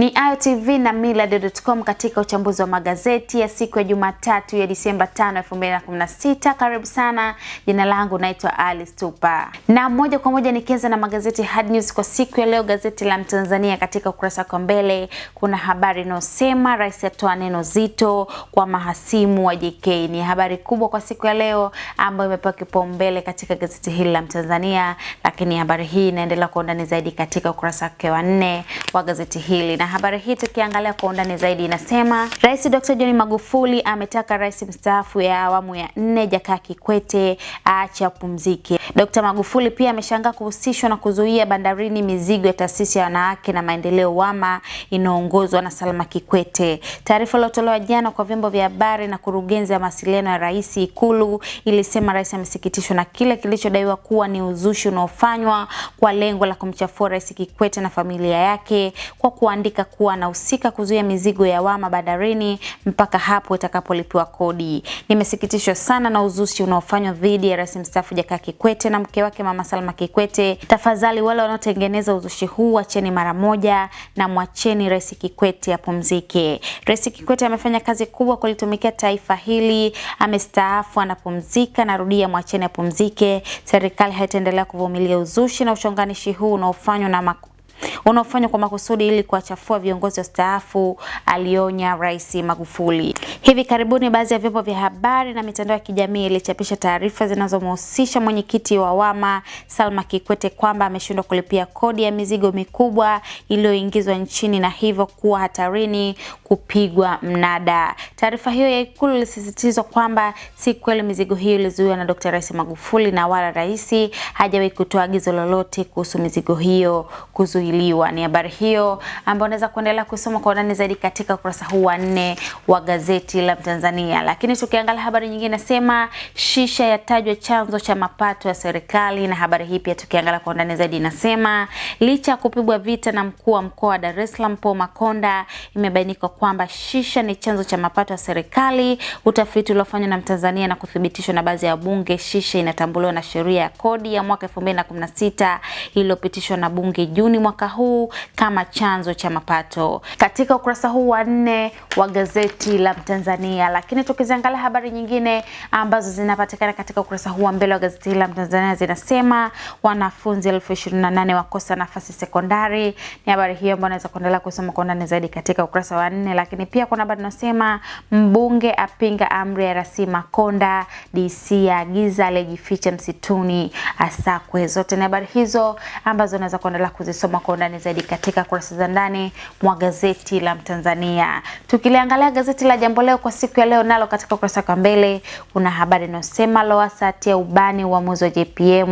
Ni Ayo na millardayo.com katika uchambuzi wa magazeti ya siku ya Jumatatu ya Disemba 5, 2016. Karibu sana. Jina langu naitwa Alice Tupa. Na moja kwa moja nikianza na magazeti hard news kwa siku ya leo, gazeti la Mtanzania katika ukurasa kwa mbele kuna habari inayosema rais atoa neno zito kwa mahasimu wa JK. Ni habari kubwa kwa siku ya leo ambayo imepewa kipaumbele katika gazeti hili la Mtanzania, lakini habari hii inaendelea kwa undani zaidi katika ukurasa wake wa nne wa gazeti hili na habari hii tukiangalia kwa undani zaidi inasema Rais Dr. John Magufuli ametaka rais mstaafu ya awamu ya nne Jakaya Kikwete aache apumzike. Dr. Magufuli pia ameshangaa kuhusishwa na kuzuia bandarini mizigo ya taasisi ya wanawake na maendeleo WAMA inaongozwa na Salma Kikwete. Taarifa iliyotolewa jana kwa vyombo vya habari na kurugenzi ya mawasiliano ya rais Ikulu ilisema rais amesikitishwa na kile kilichodaiwa kuwa ni uzushi unaofanywa kwa lengo la kumchafua Rais Kikwete na familia yake kwa kuandika ameandika kuwa anahusika kuzuia mizigo ya wama bandarini mpaka hapo itakapolipiwa kodi. Nimesikitishwa sana na uzushi unaofanywa dhidi ya Rais mstaafu Jakaya Kikwete na mke wake Mama Salma Kikwete. Tafadhali wale wanaotengeneza uzushi huu wacheni mara moja na mwacheni Rais Kikwete apumzike. Rais Kikwete amefanya kazi kubwa kulitumikia taifa hili, amestaafu, anapumzika. Narudia, mwacheni apumzike. Serikali haitaendelea kuvumilia uzushi na uchonganishi huu unaofanywa na maku unaofanywa kwa makusudi ili kuwachafua viongozi wastaafu, alionya Rais Magufuli. Hivi karibuni baadhi ya vyombo vya habari na mitandao ya kijamii ilichapisha taarifa zinazomhusisha mwenyekiti wa Wama Salma Kikwete kwamba ameshindwa kulipia kodi ya mizigo mikubwa iliyoingizwa nchini na hivyo kuwa hatarini kupigwa mnada. Taarifa hiyo ya Ikulu ilisisitizwa kwamba si kweli mizigo hiyo ilizuiwa na Dkt. Rais Magufuli na wala rais hajawahi kutoa agizo lolote kuhusu mizigo hiyo kuzuiliwa. Ni habari hiyo ambayo unaweza kuendelea kusoma kwa undani zaidi katika ukurasa huu wa nne wa gazeti gazeti la Tanzania. Lakini tukiangalia habari nyingine nasema shisha yatajwa chanzo cha mapato ya serikali, na habari hii pia tukiangalia kwa undani zaidi inasema licha ya kupigwa vita na mkuu wa mkoa wa Dar es Salaam Paul Makonda, imebainika kwamba shisha ni chanzo cha mapato ya serikali. Utafiti uliofanywa na Mtanzania na kuthibitishwa na baadhi ya bunge, shisha inatambuliwa na sheria ya kodi ya mwaka 2016 iliyopitishwa na bunge Juni mwaka huu kama chanzo cha mapato. Katika ukurasa huu wa nne wa gazeti la Mtanzania Tanzania. Lakini tukiziangalia habari nyingine ambazo zinapatikana katika ukurasa huu wa mbele wa gazeti la Mtanzania zinasema wanafunzi elfu ishirini na nane wakosa nafasi sekondari. Ni habari hiyo ambayo naweza kuendelea kusoma kwa undani zaidi katika ukurasa wa nne, lakini pia kuna habari inasema mbunge apinga amri ya rasi Makonda, DC aagiza aliyejificha msituni asakwe. Zote ni habari hizo ambazo unaweza kuendelea kuzisoma kwa undani zaidi katika kurasa za ndani mwa gazeti la Mtanzania. Tukiliangalia gazeti la Jambo leo kwa siku ya leo nalo katika ukurasa wa mbele kuna habari inayosema Lowassa atia ubani uamuzi wa JPM.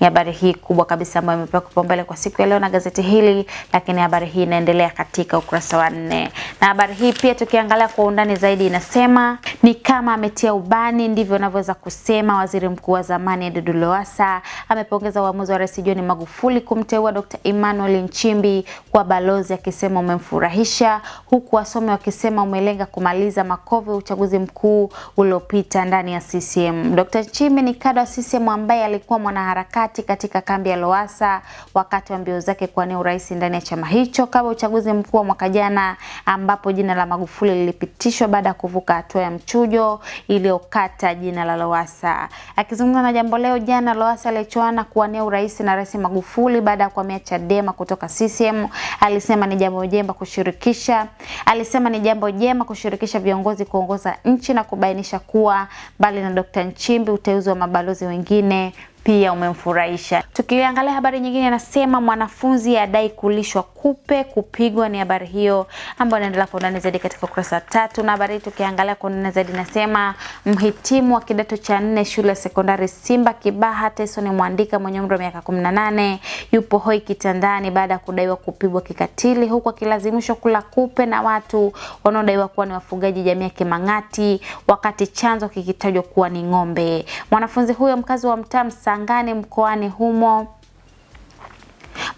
Ni habari hii kubwa kabisa ambayo imepewa kipaumbele kwa siku ya leo na gazeti hili, lakini habari hii inaendelea katika ukurasa wa nne, na habari hii pia tukiangalia kwa undani zaidi inasema ni kama ametia ubani, ndivyo unavyoweza kusema waziri mkuu wa zamani dudu Lowassa. Amepongeza uamuzi wa Rais John Magufuli kumteua Dr. Emmanuel Nchimbi kwa balozi akisema umemfurahisha, huku wasomi wakisema umelenga kumaliza makovu ya uchaguzi mkuu uliopita ndani ya CCM. Dr. Nchimbi ni kada wa CCM ambaye alikuwa mwanaharakati katika kambi ya Lowassa wakati wa mbio zake kuwania urais ndani ya chama hicho kabla uchaguzi mkuu wa mwaka jana, ambapo jina la Magufuli lilipitishwa baada ya kuvuka hatua ya mchujo iliyokata jina la Lowassa. Akizungumza na Jambo Leo jana, Lowassa alichoana kuwania urais na Rais Magufuli baada ya kuhamia Chadema kutoka CCM Alisema ni jambo jema kushirikisha, alisema ni jambo jema kushirikisha viongozi kuongoza nchi na kubainisha kuwa mbali na Dr. Nchimbi, uteuzi wa mabalozi wengine pia umemfurahisha. Tukiangalia habari nyingine, anasema mwanafunzi adai kulishwa kupe kupigwa. Ni habari hiyo ambayo inaendelea kwa undani zaidi katika ukurasa wa tatu, na habari hii tukiangalia kwa undani zaidi nasema mhitimu wa kidato cha nne shule ya sekondari Simba Kibaha Tyson Mwandika mwenye umri wa miaka 18 yupo hoi kitandani baada ya kudaiwa kupigwa kikatili, huku akilazimishwa kula kupe na watu wanaodaiwa kuwa ni wafugaji jamii ya Kimang'ati, wakati chanzo kikitajwa kuwa ni ng'ombe. Mwanafunzi huyo mkazi wa mtaa Sangane mkoani humo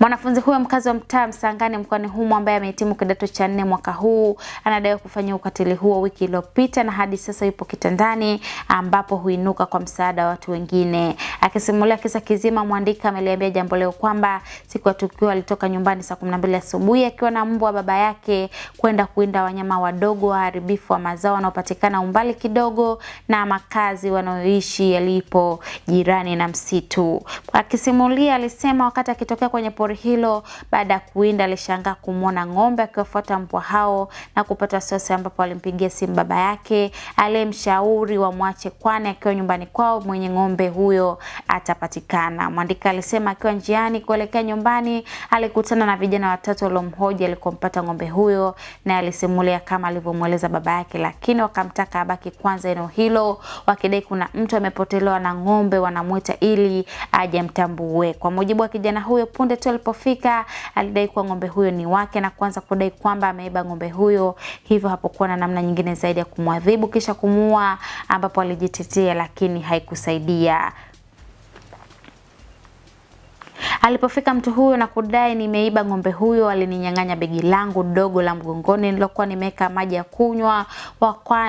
Mwanafunzi huyo mkazi wa mtaa Msangani mkoani humo ambaye amehitimu kidato cha nne mwaka huu anadaiwa kufanya ukatili huo wiki iliyopita na hadi sasa yupo kitandani ambapo huinuka kwa msaada wa watu wengine. Akisimulia kisa kizima, Mwandika ameliambia Jambo Leo kwamba siku ya tukio alitoka nyumbani saa 12 asubuhi akiwa na mbwa wa baba yake kwenda kuinda wanyama wadogo waharibifu wa mazao wanaopatikana umbali kidogo na makazi wanayoishi yalipo jirani na msitu. Akisimulia alisema wakati akitokea kwenye pori pori hilo. Baada ya kuwinda, alishangaa kumwona ng'ombe akiwafuata mbwa hao na kupata wasiwasi, ambapo alimpigia simu baba yake aliyemshauri wamwache, kwani akiwa nyumbani kwao mwenye ng'ombe huyo atapatikana. Mwandika alisema akiwa njiani kuelekea nyumbani alikutana na vijana watatu waliomhoji alikompata ng'ombe huyo, naye alisimulia kama alivyomweleza baba yake, lakini wakamtaka abaki kwanza eneo hilo, wakidai kuna mtu amepotelewa na ng'ombe wanamwita ili aje mtambue. Kwa mujibu wa kijana huyo, punde tu alipofika alidai kuwa ng'ombe huyo ni wake na kuanza kudai kwamba ameiba ng'ombe huyo, hivyo hapokuwa na namna nyingine zaidi ya kumwadhibu kisha kumuua, ambapo alijitetea lakini haikusaidia. Alipofika mtu huyo na kudai, nimeiba ng'ombe huyo, alininyang'anya begi langu dogo la mgongoni nilokuwa nimeweka maji ya kunywa,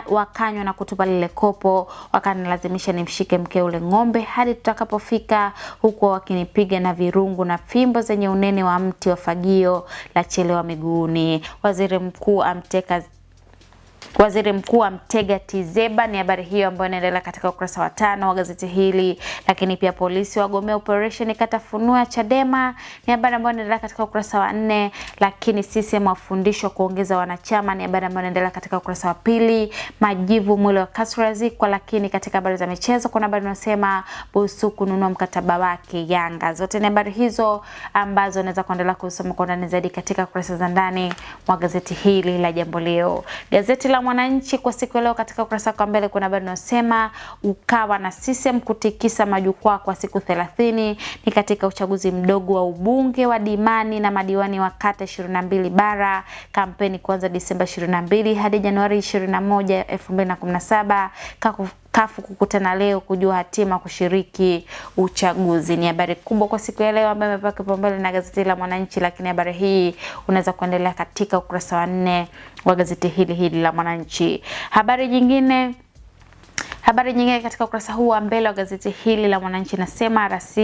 wakanywa na kutupa lile kopo, wakanilazimisha nimshike mke ule ng'ombe hadi tutakapofika huko, wakinipiga na virungu na fimbo zenye unene wa mti wa fagio la chelewa miguuni. Waziri mkuu amteka Waziri Mkuu wa mtega Tizeba. Ni habari hiyo ambayo inaendelea katika ukurasa wa tano wa gazeti hili. Lakini pia polisi wagomea operesheni katafunua Chadema, ni habari ambayo inaendelea katika ukurasa wa nne. Lakini CCM wafundishwa kuongeza wanachama, ni habari ambayo inaendelea katika ukurasa wa pili. Majivu mwili wa Kasra kwa, Lakini katika habari za michezo kuna habari inasema Busu kununua mkataba wake Yanga. Zote ni habari hizo ambazo unaweza kuendelea kusoma kwa ndani zaidi katika kurasa za ndani wa gazeti hili la Jambo Leo. Gazeti la Mwananchi kwa siku ya leo katika ukurasa wako mbele kuna habari inayosema Ukawa na CCM kutikisa majukwaa kwa siku 30 ni katika uchaguzi mdogo wa ubunge wa Dimani na madiwani wa kata 22 bara, kampeni kuanza Disemba 22 hadi Januari 21, 2017 kafu kukutana leo kujua hatima kushiriki uchaguzi. Ni habari kubwa kwa siku ya leo ambayo imepewa kipaumbele na gazeti la Mwananchi, lakini habari hii unaweza kuendelea katika ukurasa wa nne wa gazeti hili hili la Mwananchi. Habari jingine Habari nyingine katika ukurasa huu wa mbele wa gazeti hili la Mwananchi nasema RC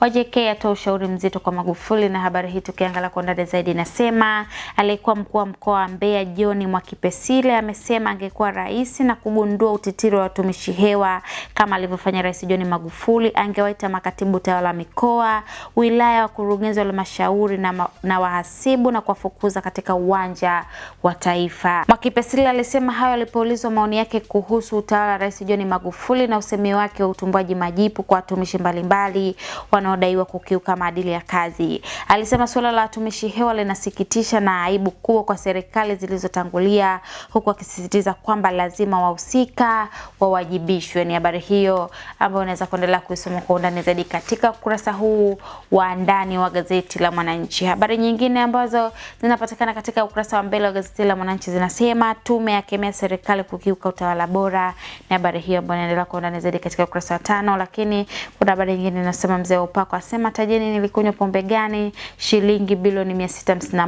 wa JK atoa ushauri mzito kwa Magufuli, na habari hii tukiangalia kwa ndani zaidi nasema aliyekuwa mkuu wa mkoa wa Mbeya John Mwakipesile amesema angekuwa rais na kugundua utitiri wa watumishi hewa kama alivyofanya Rais John Magufuli, angewaita makatibu tawala mikoa, wilaya, wakurugenzi wa halmashauri na, na wahasibu na kuwafukuza katika uwanja wa Taifa. Mwakipesile alisema hayo alipoulizwa maoni yake kuhusu utawala wa Rais John Magufuli na usemi wake wa utumbuaji majipu kwa watumishi mbalimbali wanaodaiwa kukiuka maadili ya kazi. Alisema suala la watumishi hewa linasikitisha na aibu kubwa kwa serikali zilizotangulia, huku akisisitiza kwamba lazima wahusika wawajibishwe. Ni habari hiyo ambayo unaweza kuendelea kuisoma kwa undani zaidi katika ukurasa huu wa ndani wa gazeti la Mwananchi. Habari nyingine ambazo zinapatikana katika ukurasa wa mbele wa gazeti la Mwananchi zinasema tume ya kemea serikali kukiuka utawala bora, na habari hiyo ambayo inaendelea kwa undani zaidi katika ukurasa wa tano. Lakini kuna habari nyingine inasema, mzee wa upako asema tajeni, nilikunywa pombe gani? Shilingi bilioni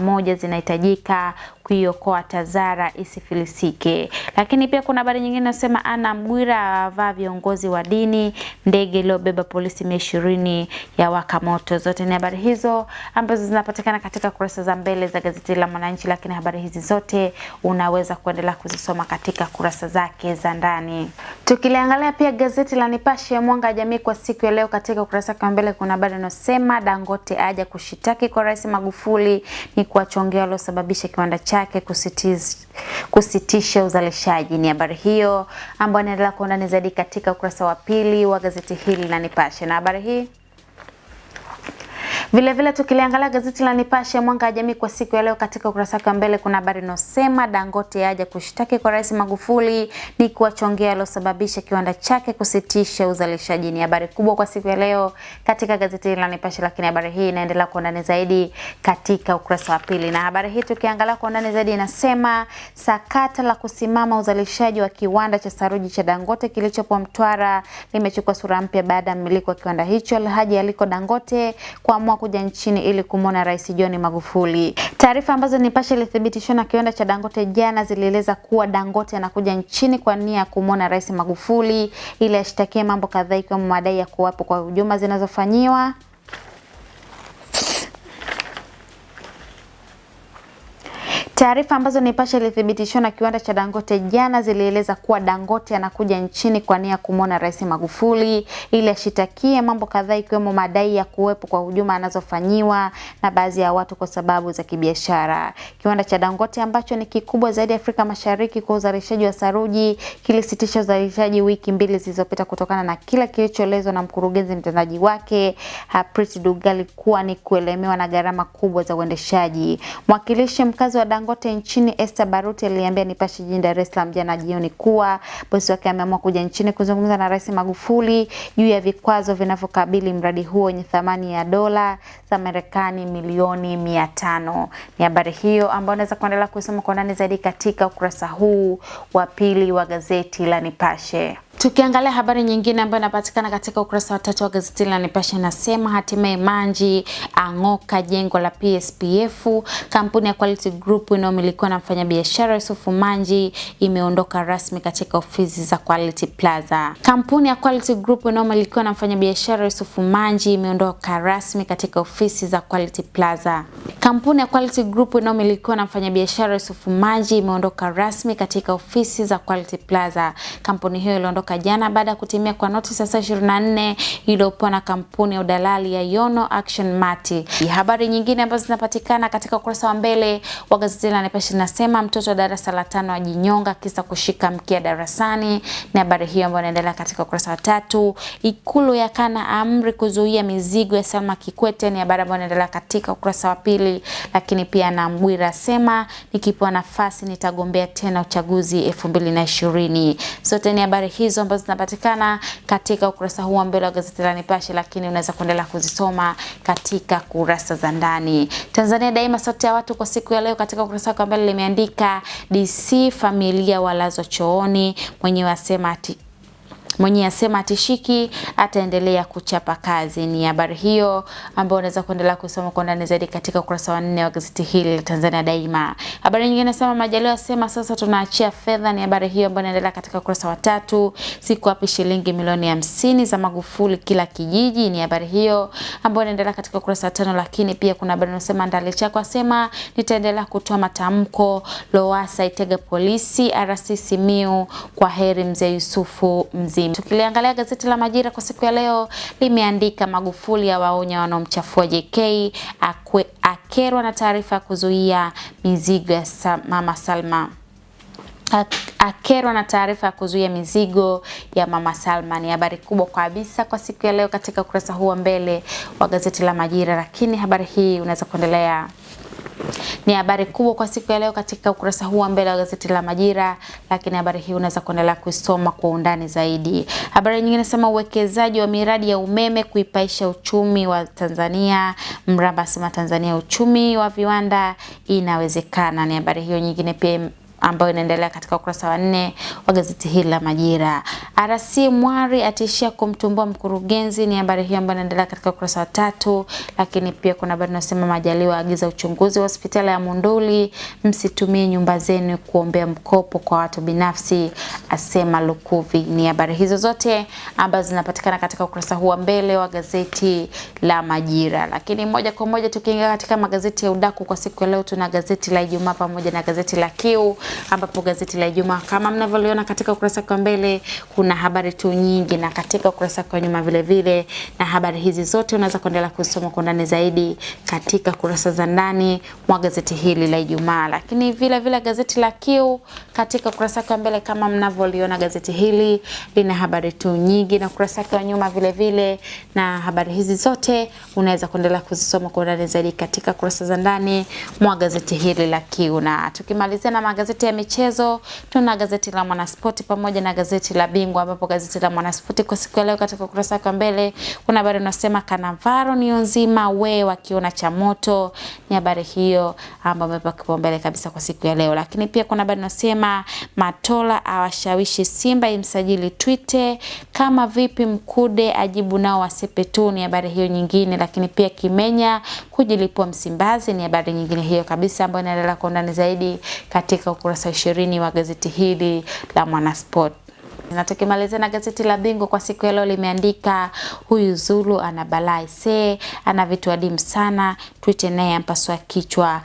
moja zinahitajika kuiokoa Tazara isifilisike. Lakini pia kuna habari nyingine inasema, Anna Mgwira awavaa viongozi wa dini, ndege iliyobeba polisi mia ishirini ya waka moto. Zote ni habari hizo ambazo zinapatikana katika kurasa za mbele za gazeti la Mwananchi, lakini habari hizi zote unaweza kuendelea kuzisoma katika kurasa zake za ndani. Tukiliangalia pia gazeti la Nipashe ya mwanga ya jamii kwa siku ya leo, katika ukurasa wa mbele kuna habari inayosema Dangote aja kushitaki kwa Rais Magufuli ni kuwachongea waliosababisha kiwanda chake kusitiz, kusitisha uzalishaji. Ni habari hiyo ambayo inaendelea kwa undani zaidi katika ukurasa wa pili wa gazeti hili la Nipashe na habari hii Vilevile tukiliangalia gazeti la Nipashe mwanga wa jamii kwa siku ya leo, katika ukurasa wa mbele kuna habari inosema Dangote aje kushtaki kwa Rais Magufuli ni kuwachongea aliyosababisha kiwanda chake kusitisha uzalishaji. Ni habari kubwa kwa siku ya leo katika gazeti la Nipashe, lakini habari hii inaendelea kwa undani zaidi katika ukurasa wa pili, na habari hii tukiangalia kwa undani zaidi inasema sakata la kusimama uzalishaji wa kiwanda cha saruji cha Dangote kilichopo Mtwara limechukua sura mpya baada ya mmiliki wa kiwanda hicho Alhaji Aliko Dangote kuamua kuja nchini ili kumwona Rais John Magufuli. Taarifa ambazo Nipashe ilithibitishwa na kiwanda cha Dangote jana zilieleza kuwa Dangote anakuja nchini kwa nia ya kumwona Rais Magufuli ili ashtakie mambo kadhaa ikiwemo madai ya kuwapo kwa hujuma zinazofanyiwa Taarifa ambazo Nipashe ilithibitishwa na kiwanda cha Dangote jana zilieleza kuwa Dangote anakuja nchini kwa nia ya kumwona Rais Magufuli ili ashitakie mambo kadhaa ikiwemo madai ya kuwepo kwa hujuma anazofanyiwa na baadhi ya watu kwa sababu za kibiashara. Kiwanda cha Dangote ambacho ni kikubwa zaidi Afrika Mashariki kwa uzalishaji wa saruji kilisitisha uzalishaji wiki mbili zilizopita kutokana na kila kilichoelezwa na mkurugenzi mtendaji wake Harpreet dugali kuwa ni kuelemewa na gharama kubwa za uendeshaji. Mwakilishi mkazi wa Dangote Dangote nchini Esther Baruti aliambia Nipashe jijini Dar es Salaam jana jioni kuwa bosi wake ameamua kuja nchini kuzungumza na Rais Magufuli juu ya vikwazo vinavyokabili mradi huo wenye thamani ya dola za Marekani milioni mia tano. Ni habari hiyo ambayo unaweza kuendelea kusoma kwa ndani zaidi katika ukurasa huu wa pili wa gazeti la Nipashe. Tukiangalia habari nyingine ambayo inapatikana katika ukurasa wa tatu wa gazeti la Nipashe nasema hatimaye Manji ang'oka jengo la PSPF. Kampuni ya Quality Group inayomilikiwa na mfanyabiashara Yusuf Manji imeondoka rasmi katika ofisi za Quality Plaza. Kampuni ya Quality Group inayomilikiwa na mfanyabiashara Yusuf Manji imeondoka rasmi katika ofisi za Quality Plaza. Kampuni ya Quality Group inayomilikiwa na mfanyabiashara Yusuf Manji imeondoka rasmi katika ofisi za Quality Plaza. Kampuni hiyo iliondoka mwaka jana baada ya kutimia kwa noti sasa 24 iliyopo na kampuni ya udalali ya Yono Action Mati. Habari nyingine ambazo zinapatikana katika ukurasa wa mbele wa gazeti la Nipashe linasema mtoto wa darasa la tano ajinyonga kisa kushika mkia darasani, na habari hiyo ambayo inaendelea katika ukurasa wa tatu. Ikulu ya kana amri kuzuia mizigo ya Salma Kikwete, ni habari ambayo inaendelea katika ukurasa wa pili. Lakini pia na Mwira asema nikipewa nafasi nitagombea tena uchaguzi 2020. Sote ni habari hizo hizo ambazo zinapatikana katika ukurasa huu wa mbele wa gazeti la Nipashe, lakini unaweza kuendelea kuzisoma katika kurasa za ndani. Tanzania Daima, sauti ya watu, kwa siku ya leo katika ukurasa wake wa mbele limeandika DC familia walazwa chooni, mwenyewe asema mwenye asema atishiki, ataendelea kuchapa kazi. Ni habari hiyo ambayo unaweza kuendelea kusoma kwa ndani zaidi katika ukurasa wa nne wa gazeti hili la Tanzania Daima. Habari nyingine nasema Majaliwa asema sasa tunaachia fedha, ni habari hiyo ambayo inaendelea katika ukurasa wa tatu. Siku hapi shilingi milioni hamsini za Magufuli kila kijiji, ni habari hiyo ambayo inaendelea katika ukurasa wa tano. Lakini pia kuna habari inasema Ndale Chako asema nitaendelea kutoa matamko, Lowasa itega polisi, RC Simiu kwa heri mzee Yusufu mzee mzima. Tukiliangalia gazeti la Majira kwa siku ya leo limeandika Magufuli awaonya wanaomchafua JK akwe, akerwa na taarifa ya kuzuia mizigo ya sa, Mama Salma akerwa na taarifa ya kuzuia mizigo ya Mama Salma ni habari kubwa kabisa kwa siku ya leo katika ukurasa huu wa mbele wa gazeti la Majira, lakini habari hii unaweza kuendelea ni habari kubwa kwa siku ya leo katika ukurasa huu wa mbele wa gazeti la Majira, lakini habari hii unaweza kuendelea kuisoma kwa undani zaidi. Habari nyingine nasema uwekezaji wa miradi ya umeme kuipaisha uchumi wa Tanzania. Mraba asema Tanzania uchumi wa viwanda inawezekana. Ni habari hiyo nyingine pia ambayo inaendelea katika ukurasa wa nne wa gazeti hili la Majira. RC Mwari atishia kumtumbua mkurugenzi, ni habari hiyo ambayo inaendelea katika ukurasa wa tatu. Lakini pia kuna habari inasema Majaliwa agiza uchunguzi wa hospitali ya Monduli, msitumie nyumba zenu kuombea mkopo kwa watu binafsi, asema Lukuvi. Ni habari hizo zote ambazo zinapatikana katika ukurasa huu wa mbele wa gazeti la Majira. Lakini moja kwa moja tukiingia katika magazeti ya udaku kwa siku ya leo, tuna gazeti la Ijumaa pamoja na gazeti la Kiu ambapo gazeti la Ijumaa kama mnavyoliona katika ukurasa wa mbele kuna habari tu nyingi, na katika ukurasa wa nyuma vile vile, na habari hizi zote unaweza kuendelea kusoma kwa ndani zaidi katika kurasa za ndani mwa gazeti hili la Ijumaa. Lakini vile vile gazeti la Kiu katika ukurasa wa mbele kama mnavyoliona, gazeti hili lina habari tu nyingi, na ukurasa wa nyuma vile vile, na habari hizi zote unaweza kuendelea kuzisoma kwa ndani zaidi katika kurasa za ndani mwa gazeti hili la Kiu, na tukimalizia na magazeti ya michezo tuna gazeti la Mwanaspoti pamoja na gazeti la Bingwa, ambapo gazeti la Mwanaspoti kwa siku ya leo katika ukurasa wake wa mbele kuna habari unasema Kanavaro ni nzima we wakiona cha moto, ni habari hiyo ambao amepewa kipaumbele kabisa kwa siku ya leo. Lakini pia kuna habari inasema Matola awashawishi Simba imsajili Twite, kama vipi Mkude ajibu nao wasipe tu, ni habari hiyo nyingine. Lakini pia Kimenya kujilipua Msimbazi, ni habari nyingine hiyo kabisa ambayo inaendelea kwa undani zaidi katika ukurasa ishirini wa gazeti hili la Mwanasport. Na tukimalizia na gazeti la Bingwa kwa siku ya leo limeandika huyu Zulu ana balaa see, ana vitu adimu sana, twite naye ampasua kichwa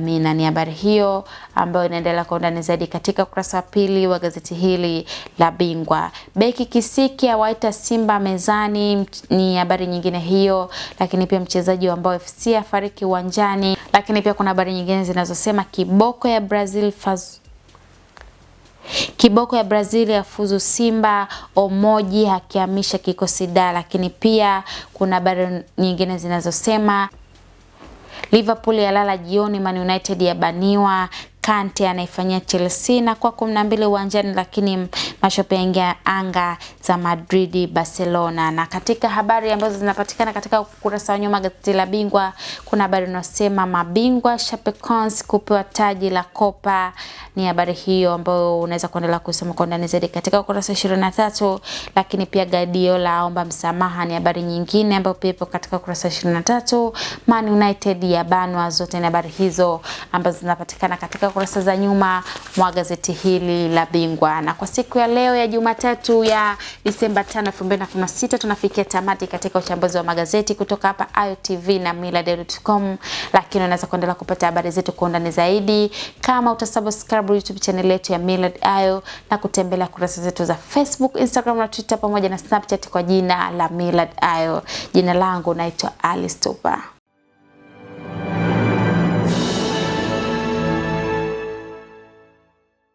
Mina. Ni habari hiyo ambayo inaendelea kwa undani zaidi katika ukurasa wa pili wa gazeti hili la Bingwa. Beki Kisiki awaita Simba mezani, ni habari nyingine hiyo, lakini pia mchezaji wa Mbao FC afariki uwanjani, lakini pia kuna habari nyingine zinazosema kiboko ya Brazil faz Kiboko ya Brazil yafuzu Simba, Omoji hakiamisha kikosi da, lakini pia kuna habari nyingine zinazosema Liverpool yalala jioni, Man United yabaniwa, Kante anaifanyia Chelsea na kwa 12 uwanjani, lakini mashope yaingia anga za Madrid, Barcelona. Na katika habari ambazo zinapatikana katika ukurasa wa nyuma gazeti la Bingwa, kuna habari inasema mabingwa Chapecoense kupewa taji la Copa. Ni habari hiyo ambayo unaweza kuendelea kusoma kwa ndani zaidi katika ukurasa 23, lakini pia Guardiola aomba msamaha ni habari nyingine ambayo pia ipo katika ukurasa 23. Man United ya banwa zote ni habari hizo ambazo zinapatikana katika kurasa za nyuma mwa gazeti hili la Bingwa. Na kwa siku ya leo ya Jumatatu ya Disemba 5, 2016 tunafikia tamati katika uchambuzi wa magazeti kutoka hapa iotv na millardayo.com, lakini unaweza kuendelea kupata habari zetu kwa undani zaidi kama utasubscribe YouTube channel yetu ya Millard Ayo na kutembelea kurasa zetu za Facebook, Instagram na Twitter pamoja na Snapchat kwa jina la Millard Ayo. Jina langu naitwa Alice Tupa.